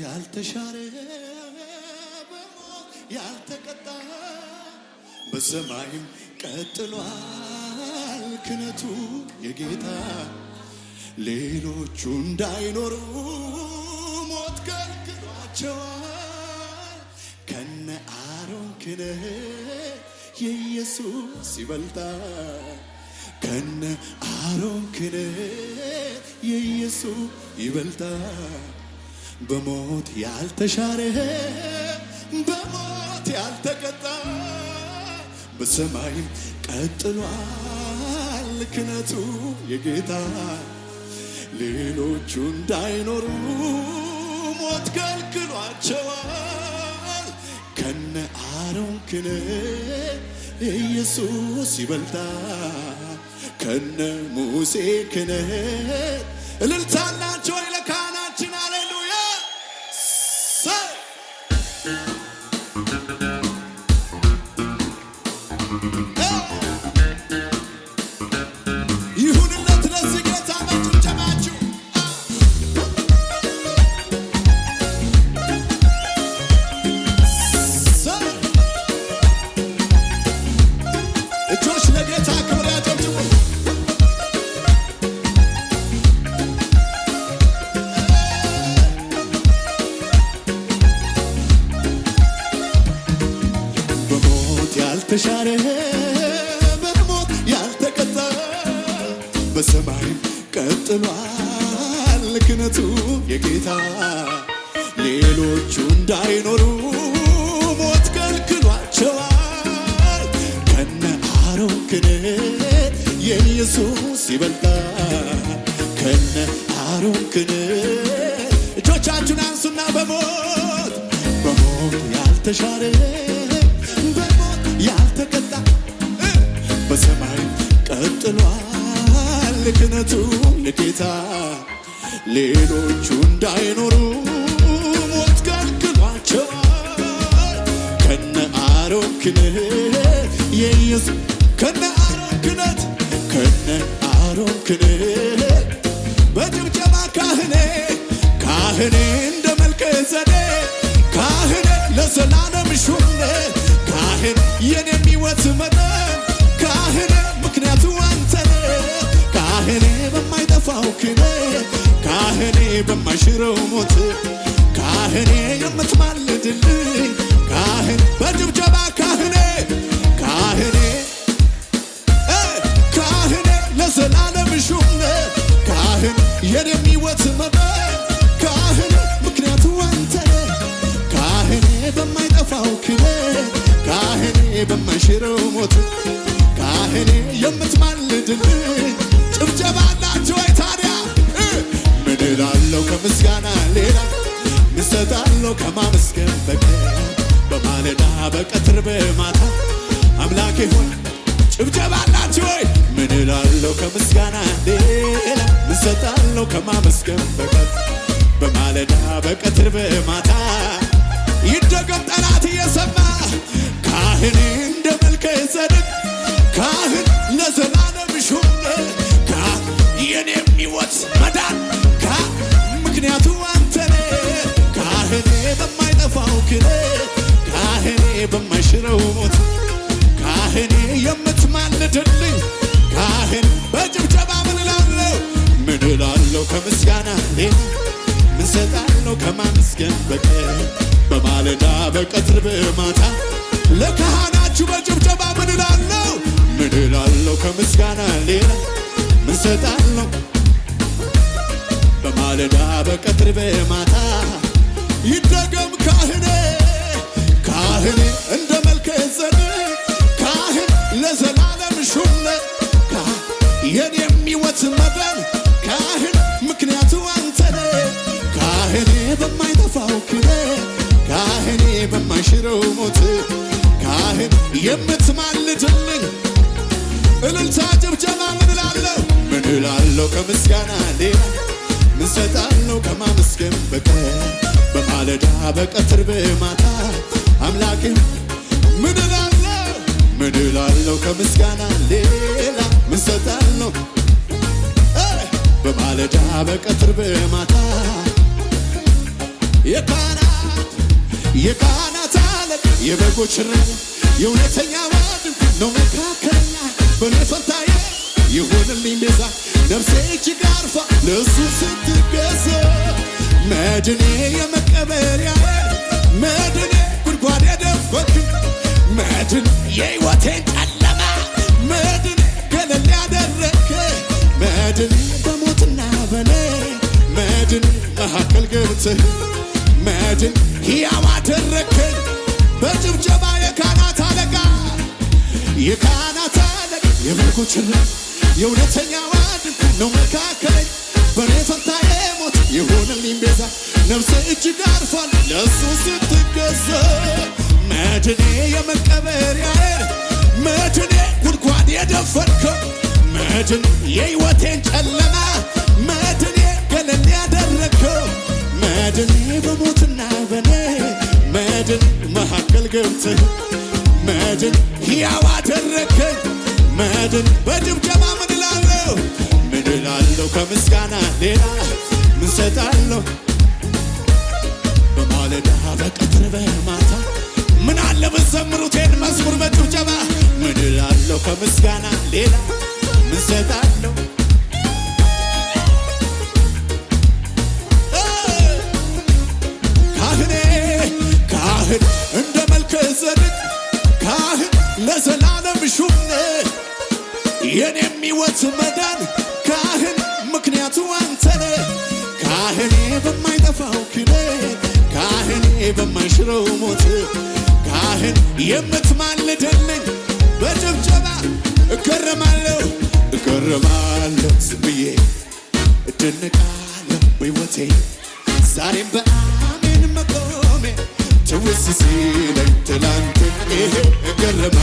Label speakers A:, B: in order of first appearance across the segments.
A: ያልተሻረ ያልተቀጣ በሰማይም ቀጥሏል ክነቱ የጌታ ሌሎቹ እንዳይኖሩ ሞት ከልክሏቸዋል። ከነ አሮን ክህነት የኢየሱስ ይበልጣል። ከነ አሮን ክነህ የኢየሱስ ይበልጣል። በሞት ያልተሻረ በሞት ያልተቀጣ በሰማይ ቀጥሏል ክነቱ የጌታ ሌሎቹ እንዳይኖሩ ሞት ከልክሏቸዋል። ከነ አሮን ክህነት ኢየሱስ ይበልጣል። ከነ ሙሴ ክህነት እልልታላቸው ይለካ ይበልጣል ከነ አሮን ክህነት። እጆቻችሁን አንሱና በሞት በሞት ያልተሻረ በሞት ያልተቀጣ በሰማይ ቀጥሏል ክህነቱ ለጌታ ሌሎቹ እንዳይኖሩ ሞት ከልክሏቸዋል ከነ አሮን ክህነት የኢየሱስ ክልል በጭብጨባ ካህኔ ካህኔ እንደ መልከ ዘዴ ካህኔ ለዘላለም ሹምነ ካህን የኔ የሚወት መጠን ካህኔ ምክንያቱ አንተነ ካህኔ በማይጠፋው ክልል ካህኔ በማይሽረው ሞት ካህኔ የምትማልድል ካህን በጭብጨባ ካህኔ ካህኔ የደም ሕይወት መበል ካህን ምክንያቱ አንተነ ካህኔ በማይጠፋው ክህነት ካህኔ በማይሽረው ሞት ካህኔ የምትማልድልኝ ጭብጨባ አላችሁ ወይ ታዲያ? ምን እላለሁ ከምስጋና ሌላ ምሰጣለሁ ከማመስገን በቀር በማለዳ በቀትር በማታ አምላኬ ሆን ጭብጨባ አላችሁ ወይ? ምን እላለሁ ከምስጋና ሌላ ምን ሰጣለሁ ከማመስገን በቀር? በማለዳ በቀትር በማታ ይደገም ጠላት እየሰማ ካህን እንደ መልከ ጸድቅ ካህን ለዘላለም ሹም ካ የኔም ሕይወት መዳን ካ ምክንያቱ አንተነ ካህኔ በማይጠፋው ክለ ካህኔ በማይሽረው ሞት ካህኔ የም ከምስጋና ሌላ ምን ሰጣለሁ ከማመስገን በቀር? በማለዳ በቀትር በማታ ለካህናችሁ በጭብጨባ ምን እላለሁ ምን እላለሁ ከምስጋና ሌላ ምን ሰጣለሁ በማለዳ በቀትር በማታ ይደገም ካህኔ ካህኔ እንደ ሽረው ሞት ካህን የምትማልድልኝ እልልታ ጭብጨባ ምን እላለሁ ምን እላለሁ ከምስጋና ሌላ ምን ሰጣለሁ ከማመስገን በቀር በማለዳ በቀትር በማታ አምላክን ምን እላለሁ ምን እላለሁ ከምስጋና ሌላ ምን ሰጣለሁ በማለዳ በቀትር በማታ የካህናት የካህናት የበጎች እረኛ የእውነተኛ ዋድም ነው መካከለኛ በኔ ቤዛ ነፍሴ እጅግ አርፋ ለእሱ ስትገዛ መድኔ የመቀበሪያ መድኔ ጉድጓድ መድኔ የሕይወቴን ጨለማ መድኔ ገለል ያደረክ መድኔ በሞትና በኔ መድኔ መካከል ገብተህ ሕያው በጭብጨባ የካህናት አለቃ የካህናት አለቃ የመልኩ ጭረት የእውነተኛው ነው መካከለኝ በኔ ፈንታ የሞት የሆነልኝ ቤዛ ነፍሴ እጅግ አርፏል ለሱ ስትገዛ መድኔ የመቀበሪያዬ መድኔ ጉድጓድ የደፈንከው መድን የሕይወቴን ጨለማ መድኔ ገለል ያደረግከው መድኔ በሞትና በኔ መድን መካከል ገብተህ መድን ሕያው አደረከኝ መድን በጭብጨባ ምን እላለሁ ምን እላለሁ ከምስጋና ሌላ ምን ሰጣለሁ በማለዳ በቀትር በማታ ምን አለ ብትዘምሩቴን መዝሙር በጭብጨባ ምን እላለሁ ከምስጋና ሌላ ምን ሰጣለሁ ካህን እንደ መልከ ጸድቅ ካህን ለዘላለም ሹም ነህ የኔም መዳን ካህን ምክንያቱ አንተ ካህኔ በማይጠፋው ኪዳን ካህኔ በማይሽረው ሞት ካህን የምትማልደልኝ በጭብጨባ እገረማለሁ እገረማለሁ ዝም ብዬ እደነቃለሁ በሕይወቴ ዛሬም በአ ትውስ ሲለኝ ትላንት ይሄ እገርማ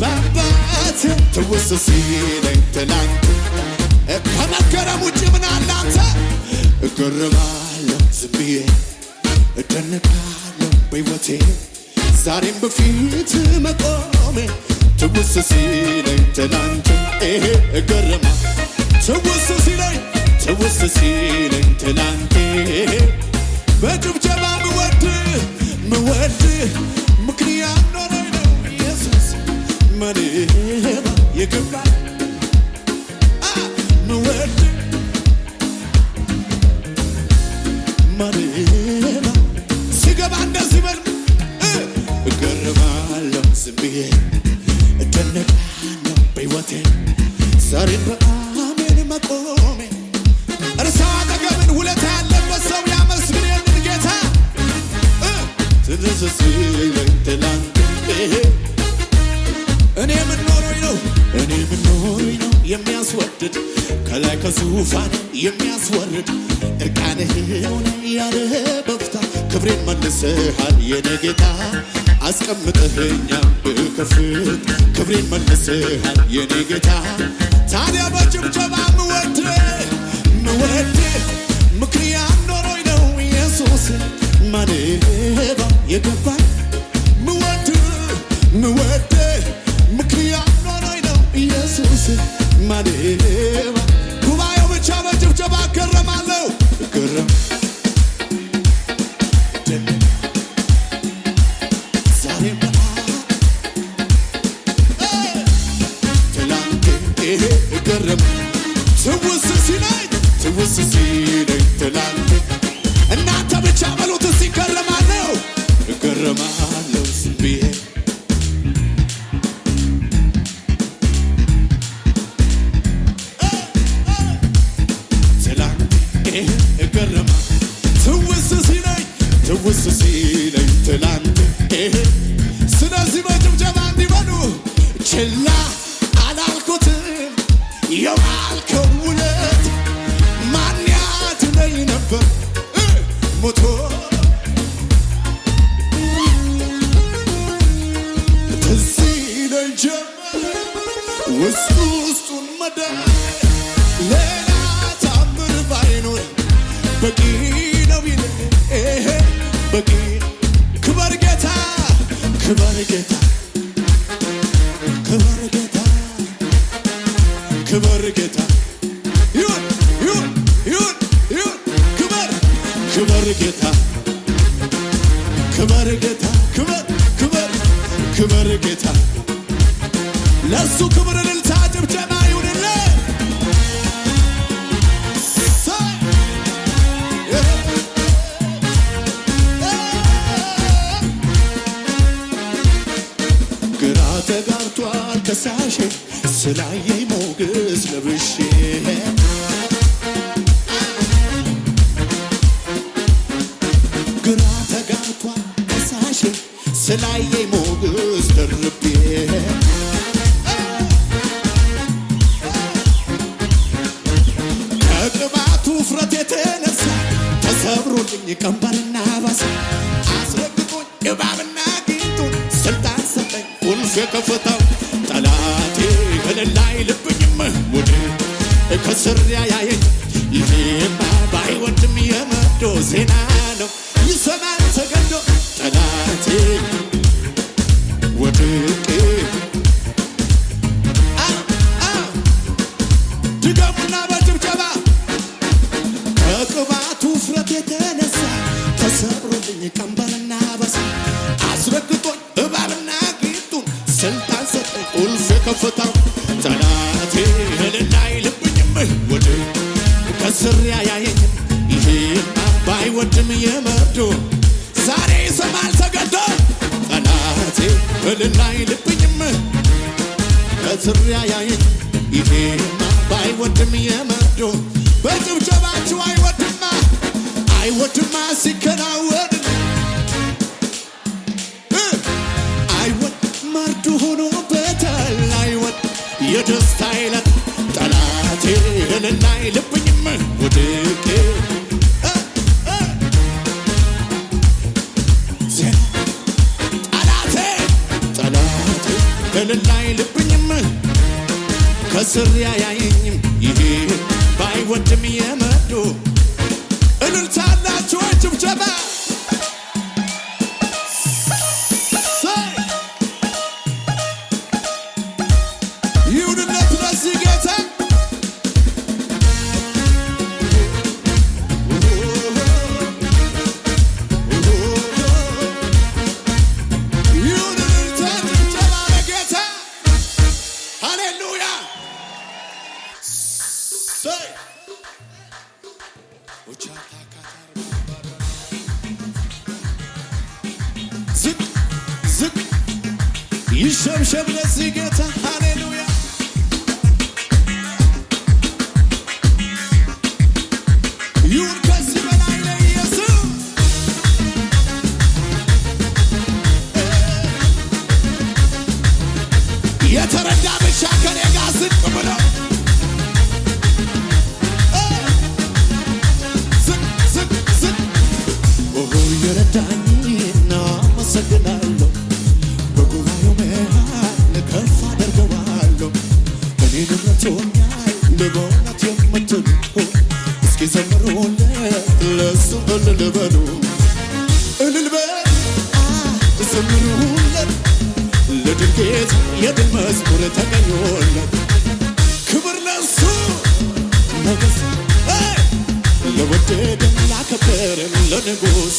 A: ባባት ትውስ ሲለኝ ትላንት ከመገረም ውጭ ምን እገርማለሁ ዝም ብዬ እደነቃለሁ በሕይወቴ በፊት መቆሜ ትውስ ሲለኝ ትላንት ይሄ እገርማ ትውስ ሲለኝ ትውስ ሲለኝ ትላንት በጭብጨባ ብወድህ መወድህ ምክንያት ኖረኝ ነው ሲገባ እንደዚህ በል እገርማለሁ ዝም ብዬ እደነቃለሁ ዛሬን በአሜን መቆም ኢየሱስ እኔ የምኖረኝ ነው የሚያስወድድ ከላይ ከዙፋን የሚያስወርድ እርቃንህ ሆነ ያለህ በፍታ የኔ ጌታ አስቀምጠህኛ ብከፍት ክብሬን መልሰሃል ምክንያት ኖሮኝ ነው ኢየሱስ ማንባ ምወድ ምክንያት ኖሮኝ ነው ኢየሱስ ማን ሲጀመር ውስጡ ውስጡን መዳን ሌላ ታምር ባይኖር በቂ ነው ይል በቂ ክበር ጌታ ክበር ጌታ ለሱ ክብር እልልታ ጭብጨባ ይሁንለ ግራ ተጋብቷል ከሳሼ ስላየይ ሞገስ ለብሼ እባብና ጊንጡን ስልጣን ሰጠኝ ቁልፍ የከፈተው ጠላቴ እልል አይልብኝም ሙድ ከስር አይወድማ ሲከናወን አይወድ ማርዱ ሆኖበታል አይወድ የደስታ ይለት ጠላቴ እልል አይልብኝም ውድቄ ጠላቴ ጠላቴ እልል አይልብኝም ከስር ያያይ አመሰግናለሁ። በጉባኤው መሃል ከፍ አደርገዋለሁ። እኔ ንብረቶኛል ልበላት የምትሉ እስኪ ዘምሩለት ለሱ እልል በሉ እልል በሉ ዘምሩለት ለድል የድል መዝሙር ተቀኞለት ክብር ለሱ ሞገስ ለወደደን ላከበረን ለንጉሱ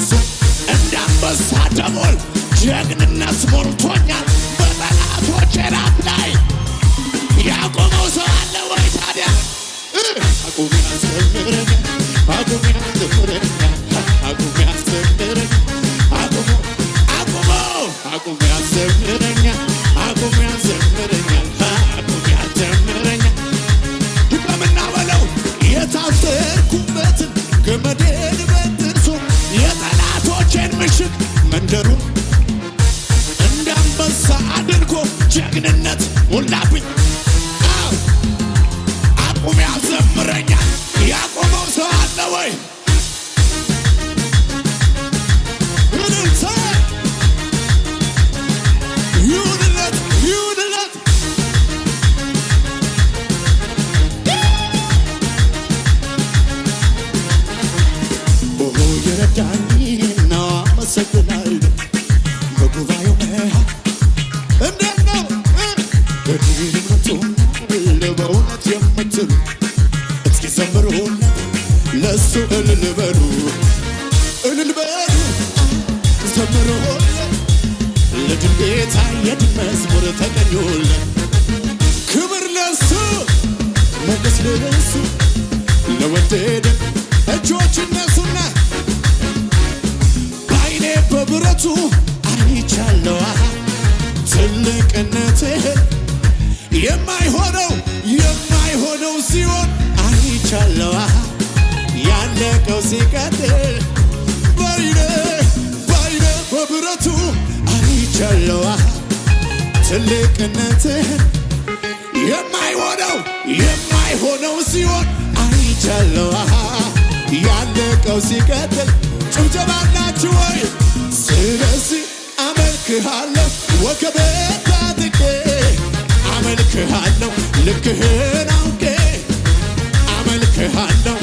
A: ብዙ እንደ አንበሳ ደቦል ጀግንነት ሞልቶኛል። በጠላቶቼ ላይ ያቆመው ሰው አለ ወይ ታዲያ? አቁሜ አስዘምረኝ፣ አቁሜ አስዘምረኝ፣ አቁሜ አስዘምረኝ፣ Hold up. ለሱ እልል በሉ እልል በሉ ዘምሩለት መዝሙር ተቀኙለት ክብር ለሱ ሞገስ ለሱ ለወደደ እጆች እነሱና በአይኔ በብረቱ አይቻለዋ ትልቅነትህ የማይሆነው የማይሆነው ሲሆን አይቻለዋ ያለቀው ሲቀጥል ባይነ ባይነ በብረቱ አይቻለዋ ትልቅነትህን የማይሆነው የማይሆነው ሲሆን አይቻለዋ ያለቀው ሲቀጥል ጭብጨባላችሁ ወይ ስለዚህ አመልክሃለሁ ወከቤት ታጥቄ አመልክሃለሁ ልክህን አውቄ አመልክሃለሁ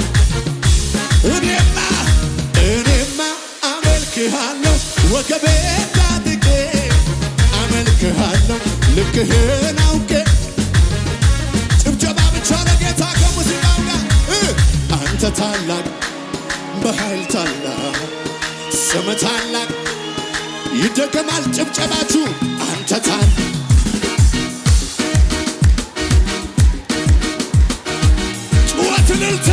A: እኔማ እኔማ አመልክሃለሁ ወገቤ ታጥቄ አመልክሃለሁ ልክህን አውቄ ጭብጨባ ብቻ ለጌታ ከሙዚቃው ጋር አንተ ታላቅ በኃይል ታላቅ ስም ታላቅ ይደገማል ጭብጨባችሁ አንተ ታላቅ ጩኸት እልልታ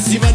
A: зима